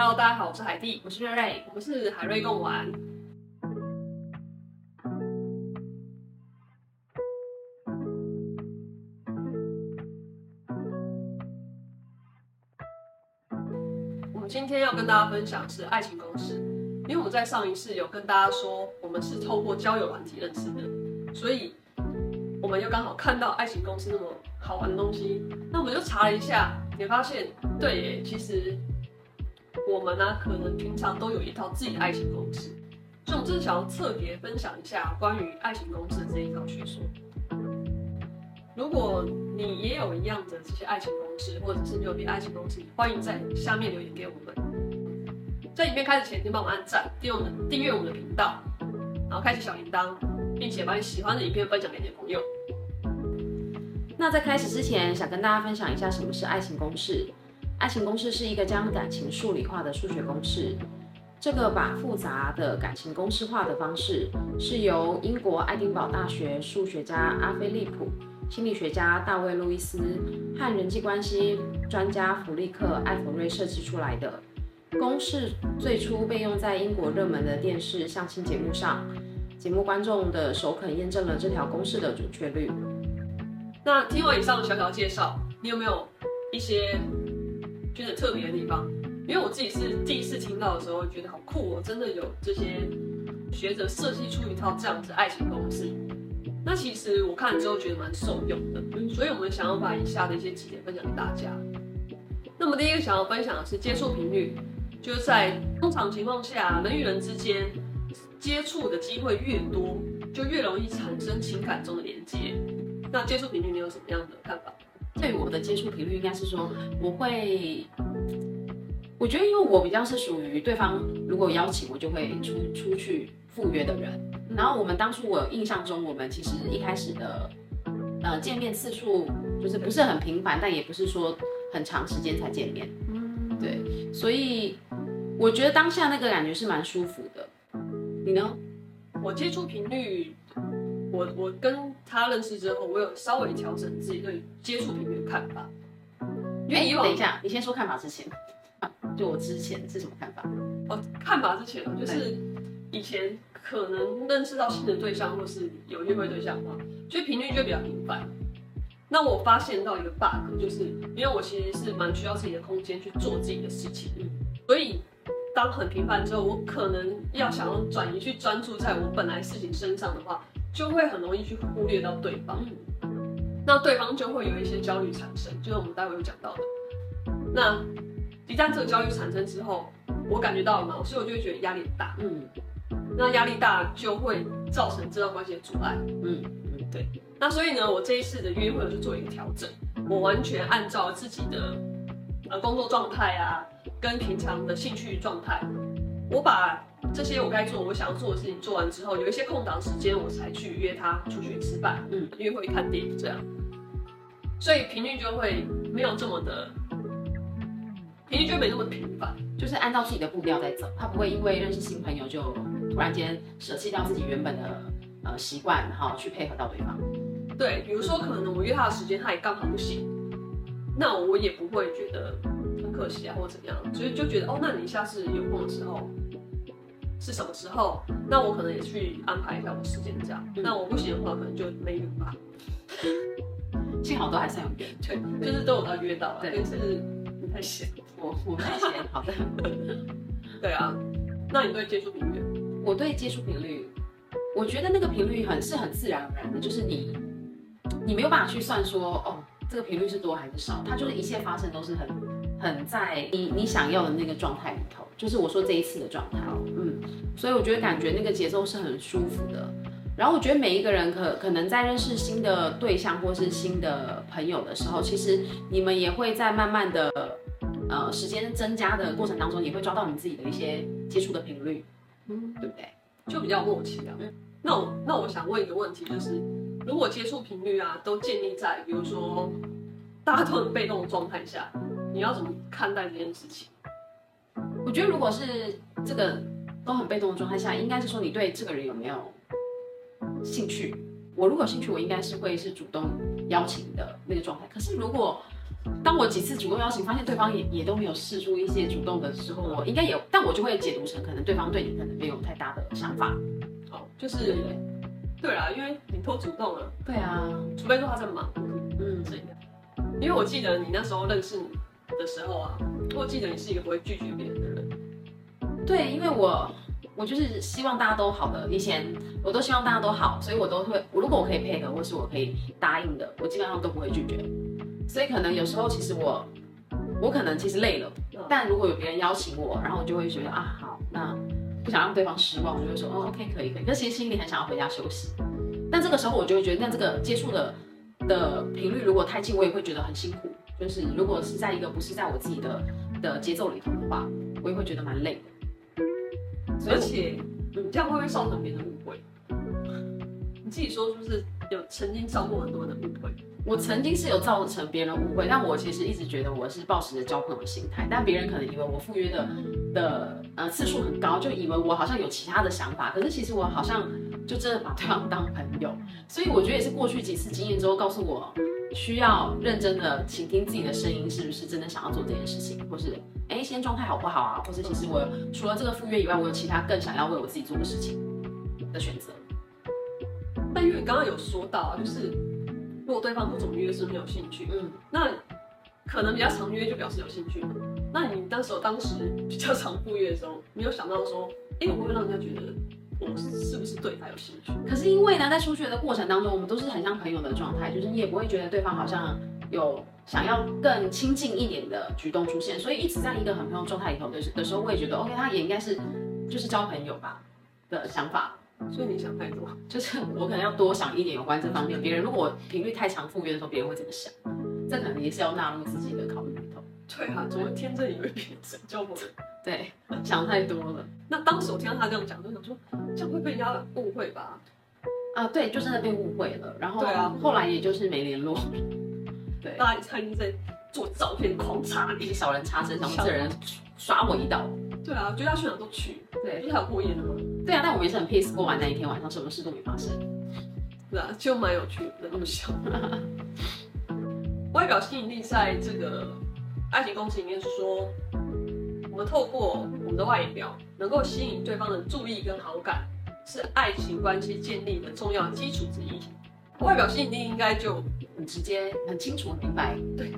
Hello，大家好，我是海蒂，我是瑞瑞，我們是海瑞共玩。 我們今天要跟大家分享是愛情公式，因為我們在上一次有跟大家說，我們是透過交友軟體認識的，所以我們又剛好看到愛情公式那麼好玩的東西，那我們就查了一下，也發現對耶，其實。我們呢、啊，可能平常都有一套自己的愛情公式，所以我就是想要特別分享一下關於愛情公式的這一套學說。如果你也有一樣的這些愛情公式，或者是你有別的愛情公式，歡迎在下面留言給我們。在影片開始前，請幫我們按讚，訂閱訂閱我們的頻道，然後開啟小鈴鐺，並且把你喜歡的影片分享給你的朋友。那在開始之前，想跟大家分享一下什麼是愛情公式。愛情公式是一個將感情數理化的數學公式。這個把複雜的感情公式化的方式，是由英國愛丁堡大學數學家阿菲利普、心理學家大衛·路易斯和人際關係專家弗利克·艾弗瑞設計出來的。公式最初被用在英國熱門的電視相親節目上，節目觀眾的首肯驗證了這條公式的準確率。那聽完以上的小小介紹，你有沒有一些？覺得特別的地方，因為我自己是第一次聽到的時候，覺得好酷哦，真的有這些學者設計出一套這樣子的愛情公式。那其實我看了之後覺得蠻受用的，所以我們想要把以下的一些幾點分享給大家。那麼第一個想要分享的是接觸頻率，就是在通常情況下，人與人之間接觸的機會越多，就越容易產生情感中的連接。那接觸頻率你有什麼樣的看法？對於我的接觸頻率應該是說，我會，我覺得因為我比較是屬於對方如果邀請我就會出出去赴約的人。然後我們當初我印象中我們其實一開始的呃見面次數就是不是很頻繁，但也不是說很長時間才見面。對，所以我覺得當下那個感覺是蠻舒服的。你呢？我接觸頻率。我我跟他認識之後，我有稍微調整自己對接觸頻率的看法，因為以往，欸，等一下，你先說看法之前。啊，就我之前是什麼看法？哦，看法之前哦，就是以前可能認識到新的對象，或是有約會對象的話，所以頻率就比較頻繁。那我發現到一個 bug，就是因為我其實是蠻需要自己的空間去做自己的事情，所以當很頻繁之後，我可能要想要轉移去專注在我本來事情身上的話。就會很容易去忽略到對方，那對方就會有一些焦慮產生，就是我們待會有講到的。那一旦這個焦慮產生之後，我感覺到了嘛，所以我就會覺得壓力大。嗯，那壓力大就會造成這段關係的阻礙。嗯，對。那所以呢，我這一次的約會我就做一個調整，我完全按照自己的工作狀態啊，跟平常的興趣狀態，我把。這些我該做，我想要做的事情做完之後，有一些空檔時間，我才去約他出去吃飯，嗯，約會、看電影這樣，所以平均就會沒有這麼的，平均就會沒那麼頻繁，就是按照自己的步調在走，他不會因為認識新朋友就突然間捨棄掉自己原本的呃習慣，然後去配合到對方。對，比如說可能我約他的時間，他也剛好不行，那我也不會覺得很可惜啊，或怎麼樣，所以就覺得哦，那你下次有空的時候，是什麼時候？那我可能也去安排一下我的時間，這樣。嗯、那我不行的話，可能就沒約吧。 幸好都還算有約，對，對對，就是都有，都約到了，但對是不太行，我我不太行 好的。對啊，那你對接觸頻率？我對接觸頻率，我覺得那個頻率很是很自然而然的，就是你你沒有辦法去算說哦，這個頻率是多還是少，它就是一切發生都是很。很在你你想要的那個狀態裡頭，就是我說這一次的狀態，好嗯，所以我覺得感覺那個節奏是很舒服的。然後我覺得每一個人可可能在認識新的對象或是新的朋友的時候，其實你們也會在慢慢的呃時間增加的過程當中，也會抓到你自己的一些接觸的頻率，嗯，對不對？就比較默契啊。嗯。那我那我想問一個問題，就是如果接觸頻率啊都建立在比如說大家都很被動的狀態下。你要怎麼看待這件事情？我覺得如果是這個都很被動的狀態下，應該是說你對這個人有沒有興趣？我如果有興趣，我應該是會是主動邀請的那個狀態。可是如果當我幾次主動邀請，發現對方也也都沒有試出一些主動的時候，我應該也，但我就會解讀成可能對方對你可能沒有太大的想法。哦，就是、嗯、對啊，因為你都主動了、啊。對啊，除非說他在忙。嗯，所以因為我記得你那時候認識你。的時候啊，我記得你是一個不會拒絕別人的人。對，因為我我就是希望大家都好的，以前我都希望大家都好，所以我都會，我如果我可以配合或是我可以答應的，我基本上都不會拒絕。所以可能有時候其實我我可能其實累了，對但如果有別人邀請我，然後我就會覺得啊好，那不想讓對方失望，我就會說哦 OK 可以可以。但其實心裡很想要回家休息，但這個時候我就會覺得，那這個接觸的的頻率如果太近，我也會覺得很辛苦。就是如果是在一個不是在我自己的的節奏裡頭的話，我也會覺得蠻累的。而且，你這樣會不會造成別人的誤會？ 你自己說是不是有曾經造過很多人的誤會？我曾經是有造成別人誤會，但我其實一直覺得我是抱持着交朋友的心態，但別人可能以為我赴約的的呃次數很高，就以為我好像有其他的想法。可是其實我好像就真的把對方當朋友，所以我覺得也是過去幾次經驗之後告訴我。需要認真的傾聽自己的聲音，是不是真的想要做這件事情？或是，哎、欸，現在狀態好不好啊？或是其實我除了這個赴約以外，我有其他更想要為我自己做的事情的選擇。嗯、但因為你剛剛有說到啊，就是如果對方不怎麼約，是沒有興趣？嗯，那可能比較常約就表示有興趣。那你當時當時比較常赴約的時候，沒有想到說，哎、欸，我會不會讓人家覺得？是，是不是對他有興趣？可是因為呢，在初學的過程當中，我們都是很像朋友的狀態，就是你也不會覺得對方好像有想要更親近一點的舉動出現，所以一直在一個很朋友狀態裡頭的時候，我也覺得 OK，他也應該是就是交朋友吧的想法。所以你想太多，就是我可能要多想一點有關這方面，別人如果頻率太強赴約的時候，別人會怎麼想？這可能也是要納入自己的考慮裡頭。對啊，天真的對以為別人在交朋友。對，想太多了。 那當時我聽到他這樣講，就想說，這樣會被人家誤會吧？啊，對，就真的被誤會了。然後，對啊，後來也就是沒聯絡。對，對大家已經在做照片狂一些小人插身上，多的像人刷我一刀。對啊，其他全場都去。對，就是、他有過夜的嘛。對啊，但我們也是很 peace，過完那一天晚上，什麼事都沒發生。是啊，就蠻有趣的，那麼小外表吸引力在這個愛情公式裡面是說。我們透過我們的外表，能夠吸引對方的注意跟好感，是愛情關係建立的重要的基礎之一。外表吸引力應該就很直接、很清楚、明白，對，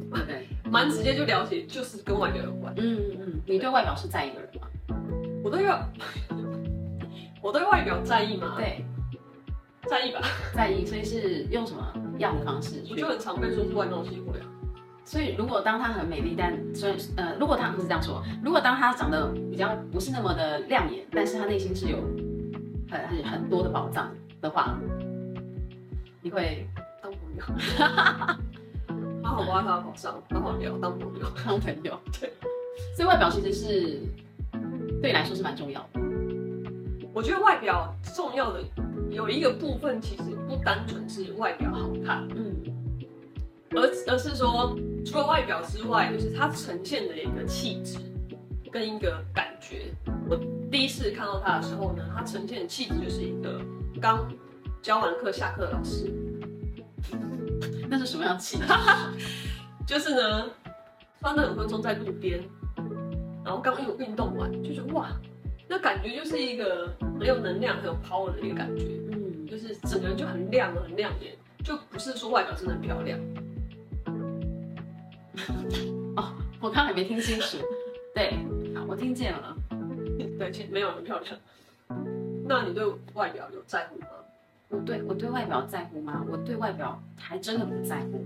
蠻 Okay. 直接就了解，就是跟外表有關。嗯嗯嗯，你對外表是在意的人嗎？我對外表，我對外表在意嗎？對，在意吧，在意。所以是用什麼樣的方式？我就很常被說是外貌協會，啊。所以，所以，如果當她很美麗，但雖然呃，如果她不是這樣說，如果當她長得比較不是那麼的亮眼，但是她內心是有呃很、很多的寶藏的話，你會當朋友。她 好好挖他她的寶藏剛好聊當朋友 當朋友，對。所以外表其實是對你來說是蠻重要的。我覺得外表重要的有一個部分，其實不單純是外表好看，嗯，而而是說。除了外表之外，就是他呈現的一個氣質跟一個感覺。我第一次看到他的時候呢，他呈現的氣質就是一個剛教完課下課的老師。 那是什麼樣氣質就是？ 就是呢，穿了五分鐘，在路邊，然後剛,剛有運動完，就覺得哇，那感覺就是一個很有能量，很有 power 的一個感覺。嗯，就是整個人就很亮很亮眼，就不是說外表真的很漂亮。 哦，我剛還沒聽清楚。對，我聽見了。 對，其實沒有很漂亮。那你對外表有在乎嗎？我對我對外表在乎嗎？我對外表還真的不在乎。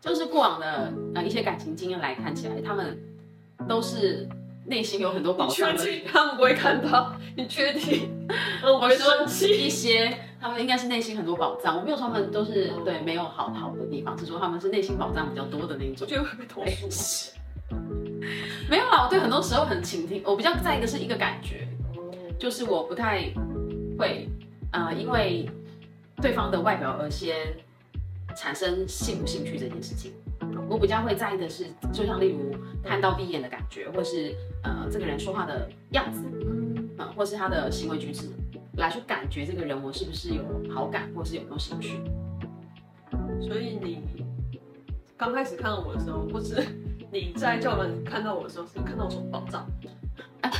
就是過往的呃一些感情經驗來看起來，他們都是內心有很多保全的。他們不會看到。 你確定？我生氣 我說一些。他們應該是內心很多寶藏，我沒有說他們都是對沒有好好的地方，只說他們是內心寶藏比較多的那一種。我覺得會被投訴、欸。沒有啦，我對很多時候很傾聽，我比較在意的是一個感覺，就是我不太會呃，因為對方的外表而先產生興不興趣這件事情。我比較會在意的是，就像例如看到第一眼的感覺，或是呃這個人說話的樣子，呃或是他的行為舉止。來去感覺這個人我是不是有好感，或是有沒有興趣？所以你剛開始看到我的時候，或是你在教團看到我的時候，嗯、是看到我什麼寶藏？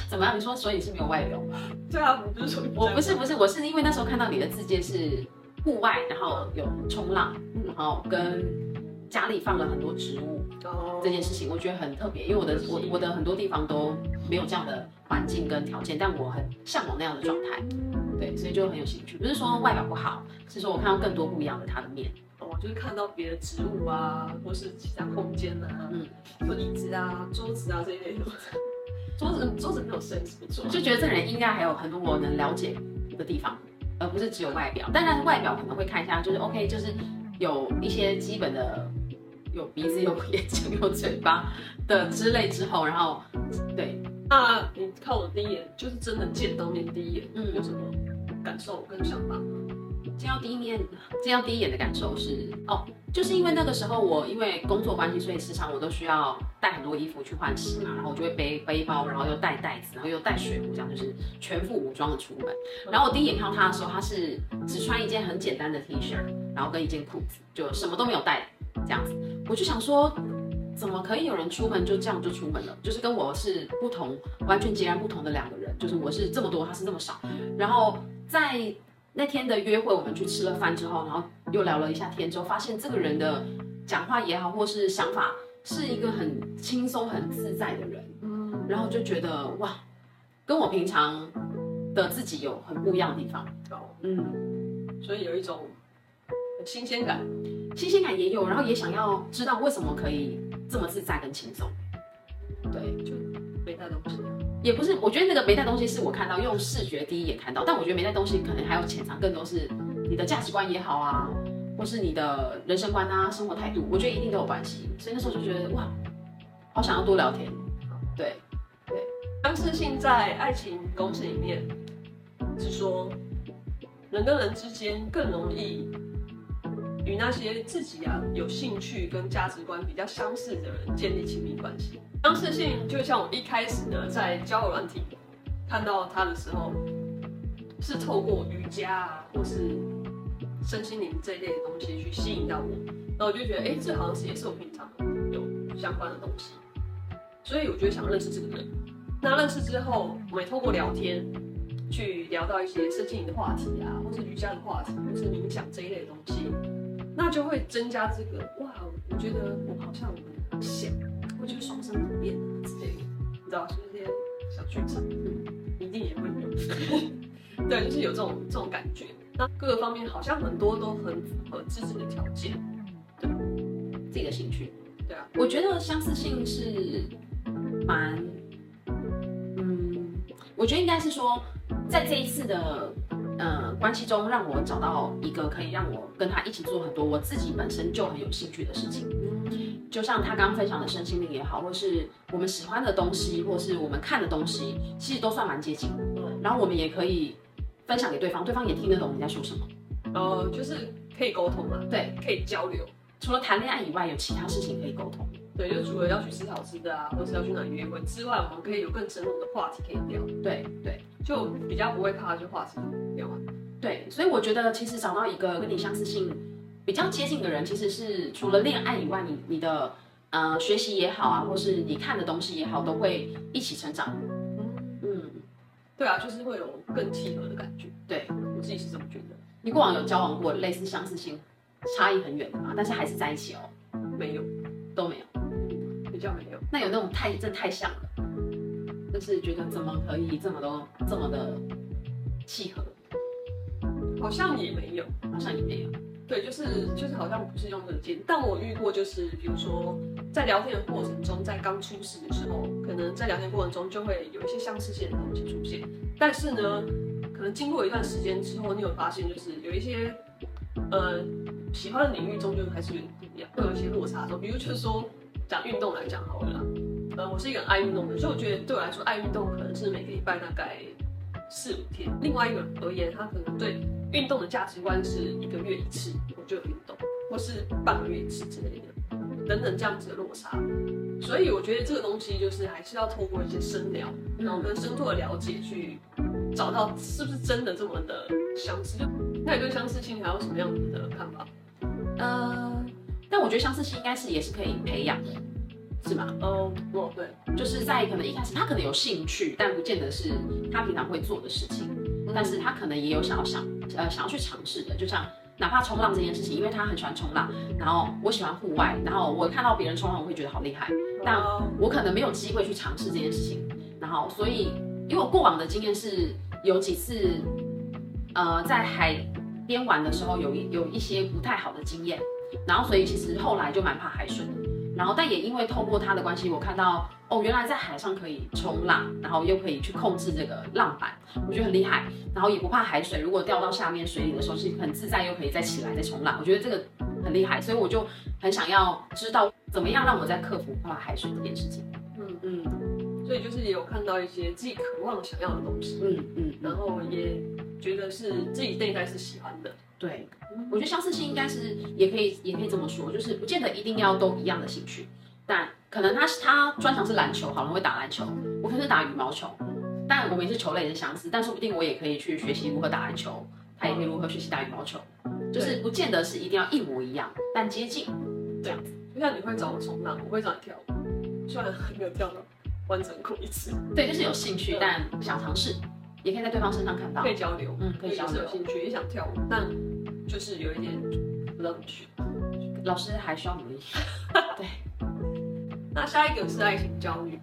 怎麼樣？你說所以是沒有外表？對啊，不是我不是不是，我是因為那時候看到你的自介是戶外，然後有衝浪，然後跟家裡放了很多植物、嗯、這件事情，我覺得很特別，因為我的我我的很多地方都沒有這樣的環境跟條件，但我很向往那樣的狀態。對，所以就很有興趣。不是說外表不好，是說我看到更多不一樣的他的面。我、哦、就是看到別的植物啊，或是其他空間啊，嗯，有椅子啊、桌子啊這一類的。 桌子桌子沒有伸縮，錯就覺得這人應該還有很多我能了解的地方，嗯、而不是只有外表。但，但是外表可能會看一下，嗯、就是 OK，就是有一些基本的，有鼻子、嗯、有眼睛、有嘴巴的之類之後，然後對。那、啊、你看我第一眼，就是真的見到面第一眼，嗯，有什麼感受跟想法？見到第一面，見到第一眼的感受是，哦，就是因為那個時候我因為工作關係，所以時常我都需要帶很多衣服去換洗嘛，然後我就會背背包，然後又帶袋子，然後又帶水壺，這樣就是全副武裝的出門。嗯、然後我第一眼看到他的時候，他是只穿一件很簡單的 T 恤，然後跟一件褲子，就什麼都沒有帶，這樣子，我就想說。怎麼可以有人出門就這樣就出門了？就是跟我是不同，完全截然不同的兩個人。就是我是這麼多，他是那麼少。然後在那天的約會，我們去吃了飯之後，然後又聊了一下天之後，發現這個人的講話也好，或是想法，是一個很輕鬆、很自在的人。嗯，然後就覺得哇，跟我平常的自己有很不一樣的地方。嗯，所以有一種新鮮感，新鮮感也有，然後也想要知道為什麼可以。這麼自在跟輕鬆，對，就沒帶東西，也不是。我覺得那個沒帶東西是我看到用視覺第一眼看到，但我覺得沒帶東西可能還有潛藏更多是你的價值觀也好啊，或是你的人生觀啊、生活態度，我覺得一定都有關係。所以那時候就覺得哇，好想要多聊天。對好對，相似性，在愛情公式裡面、嗯、是說，人跟人之間更容易。與那些自己啊有興趣跟價值觀比較相似的人建立親密關係。相似性就像我一開始呢在交友軟體看到他的時候，是透過瑜伽啊或是身心靈這一類的東西去吸引到我，那我就覺得誒、欸，這好像也是我平常有相關的東西，所以我就想認識這個人。那認識之後，我們也透過聊天去聊到一些身心靈的話題啊，或是瑜伽的話題，或是冥想這一類的東西。那就會增加這個哇，wow, 我覺得我好像我想，我覺得雙商不變，對，你知道是不是這些小劇場一定也會有，嗯、 對，就是有這種這種感覺。那各個方面好像很多都很符合自己的條件，對，自己的興趣，對啊。我覺得相似性是蠻，嗯，我覺得應該是說，在這一次的。嗯，關係中讓我找到一個可以讓我跟他一起做很多我自己本身就很有興趣的事情。就像他剛剛分享的身心靈也好，或是我們喜歡的東西，或是我們看的東西，其實都算蠻接近的。然後我們也可以分享給對方，對方也聽得懂你在說什麼。呃，就是可以溝通了。對，可以交流。除了談戀愛以外，有其他事情可以溝通。對，就除了要去吃好吃的啊，或是要去哪約會之外，我們可以有更深入的話題可以聊。對對，就比較不會怕就話題就聊啊。對，所以我覺得其實找到一個跟你相似性比較接近的人，其實是除了戀愛以外，你你的呃學習也好啊，或是你看的東西也好，都會一起成長。嗯嗯，對啊，就是會有更契合的感覺。對，我自己是這麼覺得。你過往有交往過類似相似性差異很遠的嗎？但是還是在一起哦？沒有，都沒有。比較沒有，那有那種太真太像了，就是覺得怎麼可以這麼多，這麼的契合，好像也沒有，好像也沒有。對，就是就是好像不是用得進，但我遇過就是，比如說在聊天的過程中，在剛出事的時候，可能在聊天過程中就會有一些相似性的東西出現，但是呢，可能經過一段時間之後，你有發現就是有一些呃喜歡的領域中，就還是不一樣，會有一些落差。比如就是說。講運動來講好了啦，呃，我是一個很愛運動的，所以我覺得對我來說，愛運動可能是每個禮拜大概四五天。另外一個而言，他可能對運動的價值觀是一個月一次我就有運動，或是半個月一次之類的，等等這樣子的落差。所以我覺得這個東西就是還是要透過一些深聊，嗯、然後跟深度的了解去找到是不是真的這麼的相似。就那對相似性，你還有什麼樣子的看法？呃。但我覺得相似性應該是也是可以培養的，是吧？嗯，哦，對，就是在可能一開始他可能有興趣，但不見得是他平常會做的事情，但是他可能也有想要想呃，想要去嘗試的，就像哪怕衝浪這件事情，因為他很喜歡衝浪，然後我喜歡戶外，然後我看到別人衝浪我會覺得好厲害，但我可能沒有機會去嘗試這件事情，然後所以因為我過往的經驗是有幾次，呃，在海邊玩的時候有一有一些不太好的經驗。然後，所以其實後來就蠻怕海水的。然後，但也因為透過他的關係，我看到哦，原來在海上可以衝浪，然後又可以去控制這個浪板，我覺得很厲害。然後也不怕海水，如果掉到下面水裡的時候是很自在，又可以再起來再衝浪，我覺得這個很厲害。所以我就很想要知道怎麼樣讓我在克服怕海水這件事情。嗯嗯。所以就是也有看到一些自己渴望想要的東西。嗯嗯。嗯然後也覺得是自己內在是喜歡的。對，我覺得相似性應該是也可以，也可以這麼說，就是不見得一定要都一樣的興趣，但可能他他專長是籃球，可能會打籃球，我可能是打羽毛球，但我們也是球類也是相似，但說不定我也可以去學習如何打籃球，他也可以如何學習打羽毛球，嗯、就是不見得是一定要一模一樣，但接近對這樣子，就像你會找我衝浪，我會找你跳舞，雖然還沒有跳到完成過一次，對，就是有興趣對但不想嘗試，也可以在對方身上看到，可以交流，嗯，可以交流，有興趣也想跳舞，跳但。就是有一點不樂趣，老師還需要努力 對，那下一個是愛情焦慮。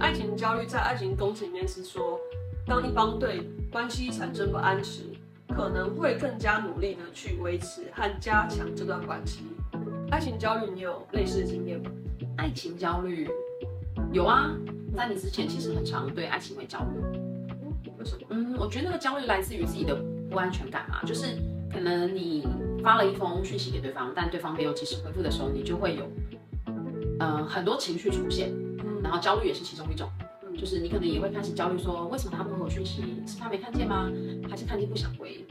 愛情焦慮在愛情公式裡面是說，當一方對關係產生不安時，可能會更加努力的去維持和加強這段關係。愛情焦慮，你有類似的經驗嗎？愛情焦慮有啊，在你之前其實很常對愛情會焦慮、嗯。為什麼？嗯，我覺得那個焦慮來自於自己的不安全感嘛，就是。可能你發了一封訊息給對方，但對方沒有及時回覆的時候，你就會有，嗯、呃，很多情緒出現，嗯，然後焦慮也是其中一種，嗯，就是你可能也會開始焦慮，說為什麼他不回我訊息？是他沒看見嗎？還是看見不想回？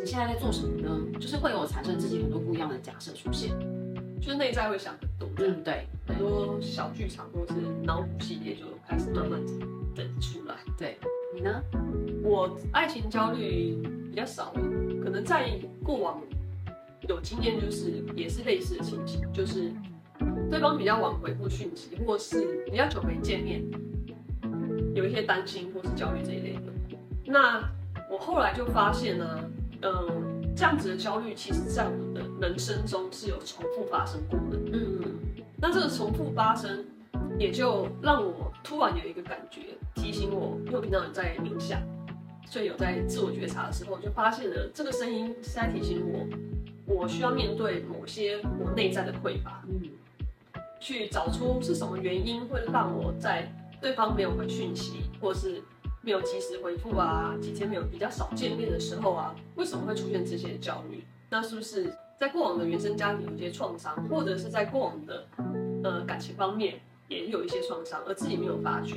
你現在在做什麼呢？就是會有產生自己很多不一樣的假設出現，就是內在會想很多，對不對？嗯，對，很多小劇場或者是腦補系列就開始慢慢整出來。對，你呢？我愛情焦慮。比較少，可能在過往有經驗，就是也是類似的情形，就是對方比較晚回復訊息，或是比較久沒見面，有一些擔心或是焦慮這一類的。那我後來就發現呢，呃，這樣子的焦慮，其實在我的人生中是有重複發生過的。嗯嗯，那這個重複發生，也就讓我突然有一個感覺，提醒我，因為平常有在冥想。所以有在自我覺察的時候，就發現了這個聲音是在提醒我，我需要面對某些我內在的匱乏，嗯，去找出是什麼原因會讓我在對方沒有回訊息，或是沒有及時回覆啊，幾天沒有比較少見面的時候啊，為什麼會出現這些焦慮？那是不是在過往的原生家庭有一些創傷，或者是在過往的呃感情方面也有一些創傷，而自己沒有發覺，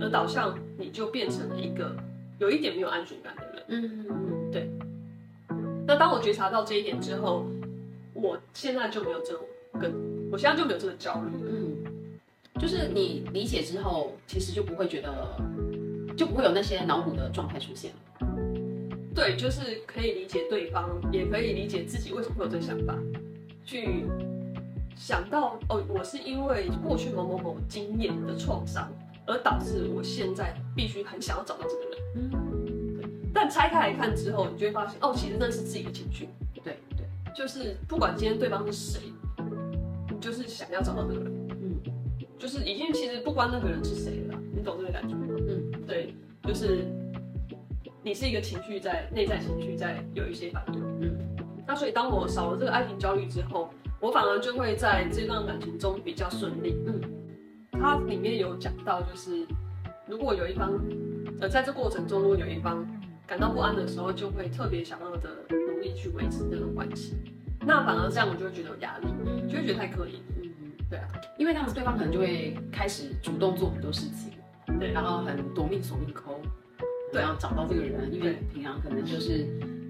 而導向你就變成了一個。有一點沒有安全感的人，嗯嗯嗯，對。那當我覺察到這一點之後，我現在就沒有這種跟，我現在就沒有這個焦慮，嗯，就是你理解之後，其實就不會覺得，就不會有那些腦補的狀態出現了。對，就是可以理解對方，也可以理解自己為什麼會有這個想法，去想到哦，我是因為過去某某某某經驗的創傷而導致我現在必須很想要找到這個人。嗯對，但拆開來看之後，你就會發現，哦，其實那是自己的情緒。對對，就是不管今天對方是誰，你就是想要找到那個人。嗯，就是已經其實不管那個人是誰了，你懂這個感覺嗎？嗯，對，就是你是一個情緒在內在情緒在有一些反對。嗯，那所以當我少了這個愛情焦慮之後，我反而就會在這段感情中比較順利。嗯，嗯，它裡面有講到，就是如果有一方。呃，而在這過程中，如果有一方感到不安的時候，就會特別想要的努力去維持這種關係。那反而這樣，我就會覺得有壓力，就會覺得太刻意。嗯，嗯，對啊，因為那樣對方可能就會開始主動做很多事情，對，然後很奪命索命摳，對，然後找到這個人，對，因為平常可能就是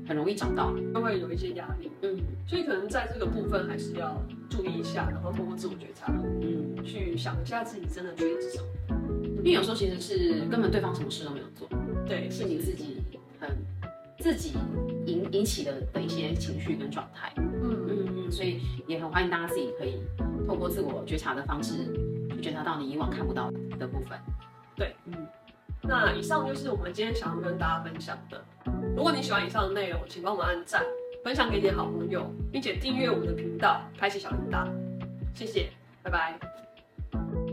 很容易找到，就會有一些壓力。嗯，所以可能在這個部分還是要注意一下，然後透過自我覺察，嗯，去想一下自己真的覺得是什麼。因為有時候其實是根本對方什麼事都沒有做，對，是你自己很自己引引起的的一些情緒跟狀態，嗯嗯嗯，所以也很歡迎大家自己可以透過自我覺察的方式，去覺察到你以往看不到的部分，對，嗯，那以上就是我們今天想要跟大家分享的。如果你喜歡以上的內容，請幫我們按讚、分享給你的好朋友，並且訂閱我們的頻道，開啟小鈴鐺，謝謝，拜拜。